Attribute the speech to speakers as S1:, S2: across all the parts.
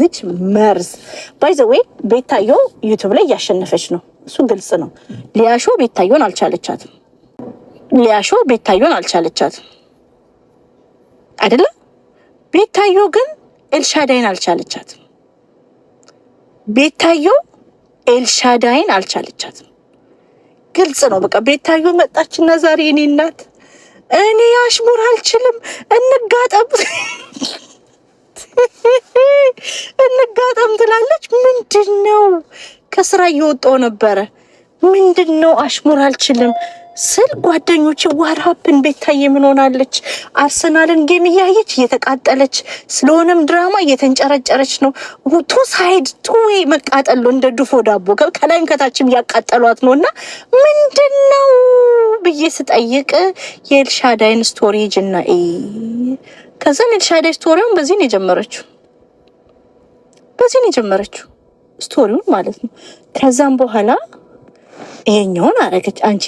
S1: ዝች መርዝ ባይዘዌ ቤታዮ ዩቱብ ላይ እያሸነፈች ነው። እሱ ግልጽ ነው። ሊያሾ ቤታዮን አልቻለቻትም። ሊያሾ ቤታዮን አልቻለቻትም አይደለም። ቤታዮ ግን ኤልሻዳይን አልቻለቻትም። ቤታዮ ኤልሻዳይን አልቻለቻትም። ግልጽ ነው። በቃ ቤታዮ መጣችና ዛሬ እኔ እናት እኔ አሽሙር አልችልም እንጋጠብ እንጋጠም ትላለች። ምንድን ነው ከስራ እየወጣው ነበረ። ምንድን ነው አሽሙር አልችልም ስል ጓደኞች ዋርሀብን ቤታዬ ምን ሆናለች? አርሰናልን ጌም እያየች እየተቃጠለች ስለሆነም ድራማ እየተንጨረጨረች ነው። ቱ ሳይድ ቱ መቃጠሉ እንደ ድፎ ዳቦ ከላይም ከታችም እያቃጠሏት ነው። እና ምንድን ነው ብዬ ስጠይቅ የኤልሻዳይን ስቶሪ ጅና ከዛን ኤልሻዳይ ስቶሪውን በዚህ ነው የጀመረችው። ከዚህ ነው የጀመረችው ስቶሪውን ማለት ነው። ከዛም በኋላ ይሄኛውን አረገች። አንቺ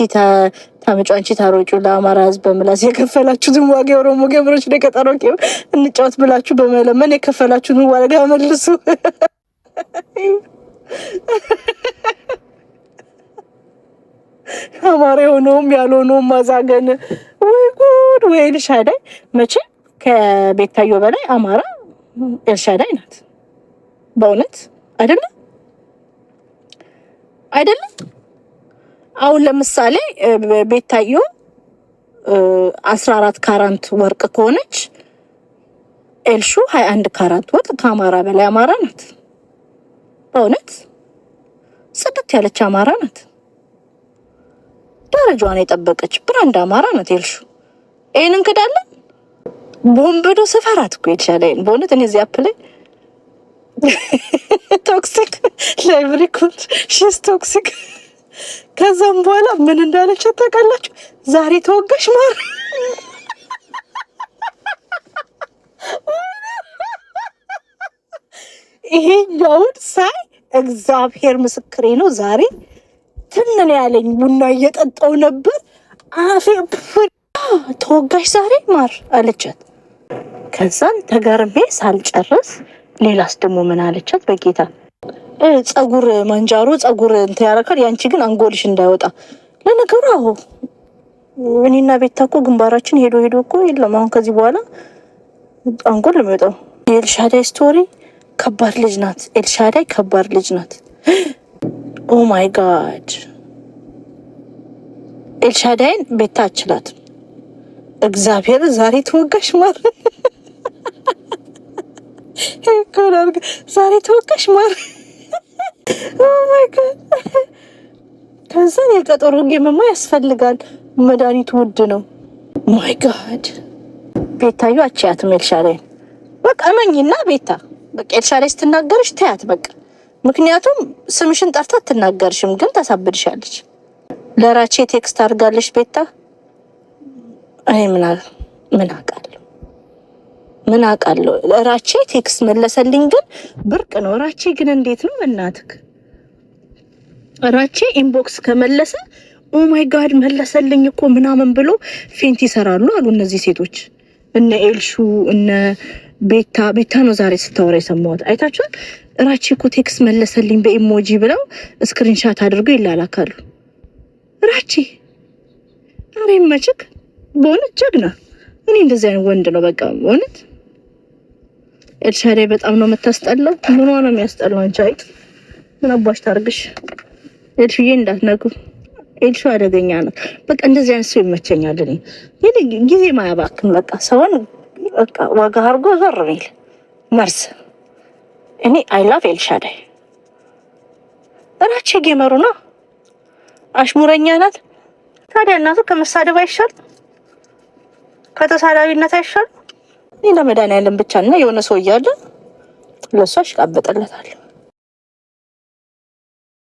S1: ታመጩ፣ አንቺ ታሮጩ፣ ለአማራ ህዝብ በምላስ የከፈላችሁትን ዋጋ የኦሮሞ ገብሮች ለቀጠሮ እንጫወት ብላችሁ በመለመን የከፈላችሁትን ዋጋ መልሱ። አማራ የሆነውም ያልሆነውም ማዛገን። ወይ ጉድ! ወይ ኤልሻዳይ መቼ ከቤታዮ በላይ አማራ ኤልሻዳይ ናት። በእውነት አይደለ አይደለ። አሁን ለምሳሌ ቤታዮ አስራ አራት ካራንት ወርቅ ከሆነች ኤልሹ ሀያ አንድ ካራንት ወርቅ ከአማራ በላይ አማራ ናት። በእውነት ጽድት ያለች አማራ ናት። ደረጃዋን የጠበቀች ብራንድ አማራ ናት ኤልሹ። ይህን እንክዳለን። ቦምብዶ ሰፈራት እኮ የተሻለ በእውነት እኔ እዚህ አፕላይ ቶክሲክ ላይብሪ ኮድ ሽስ ቶክሲክ። ከዛም በኋላ ምን እንዳለች ታውቃላችሁ? ዛሬ ተወጋሽ ማር ይሄኛውን ሳይ እግዚአብሔር ምስክሬ ነው። ዛሬ ትንን ያለኝ ቡና እየጠጣው ነበር። አፌ ተወጋሽ ዛሬ ማር አለቻት። ከዛን ተገርቤ ሳልጨርስ ሌላስ ደግሞ ምን አለቻት? በጌታ ጸጉር ማንጃሮ ጸጉር እንትን ያረካል፣ ያንቺ ግን አንጎልሽ እንዳይወጣ። ለነገሩ አሁ እኔና ቤታ እኮ ግንባራችን ሄዶ ሄዶ እኮ የለም አሁን ከዚህ በኋላ አንጎል የሚወጣው። የኤልሻዳይ ስቶሪ ከባድ ልጅ ናት። ኤልሻዳይ ከባድ ልጅ ናት። ኦ ማይ ጋድ ኤልሻዳይን ቤታ አችላት። እግዚአብሔር ዛሬ ተወጋሽ ማለት ትክክል አድርገ ዛሬ ተወቀሽ ማለት oh ከዛን የቀጠሮ ጌምማ ያስፈልጋል። መድኃኒቱ ውድ ነው። ማይ oh ጋድ ቤታዩ አቻያትም ኤልሻዳይን በቃ እመኝና ቤታ በቃ ኤልሻዳይ ስትናገርሽ ተያት በቃ ምክንያቱም ስምሽን ጠርታ አትናገርሽም፣ ግን ታሳብድሻለች። ለራቼ ቴክስት አድርጋለች ቤታ። እኔ ምን አውቃለሁ ምን አውቃለሁ። ራቼ ቴክስ መለሰልኝ፣ ግን ብርቅ ነው። ራቼ ግን እንዴት ነው በእናትህ ራቼ ኢንቦክስ ከመለሰ ማይ ጋድ መለሰልኝ እኮ ምናምን ብሎ ፌንት ይሰራሉ አሉ እነዚህ ሴቶች እነ ኤልሹ እነ ቤታ ቤታ ነው ዛሬ ስታወራ የሰማሁት። አይታችኋል? ራቼ እኮ ቴክስ መለሰልኝ በኢሞጂ ብለው ስክሪንሻት አድርገው ይላላካሉ። ራቼ አሬ መችክ በሆነ ጀግና። እኔ እንደዚህ አይነት ወንድ ነው በቃ በእውነት ኤልሻዳይ በጣም ነው የምታስጠላው። ምኗ ነው የሚያስጠላው? አንቺ አይጥ ምን አባሽ ታርግሽ? ኤልሽዬ እንዳትነቁ። ኤልሹ አደገኛ ነው። በቃ እንደዚህ አይነት ሰው ይመቸኛል እኔ። ጊዜ ማያባክን በቃ ሰውን በቃ ዋጋ አድርጎ ዞር ሚል መርስ። እኔ አይላፍ ኤልሻዳይ እራቼ ጌመሩ ነው አሽሙረኛ ናት። ታዲያ እናቱ ከመሳደብ አይሻል? ከተሳዳቢነት አይሻል? እኔ ለመድኃኒዓለም ብቻ እና የሆነ ሰው እያለ ለእሱ አሽቃበጠለታለሁ።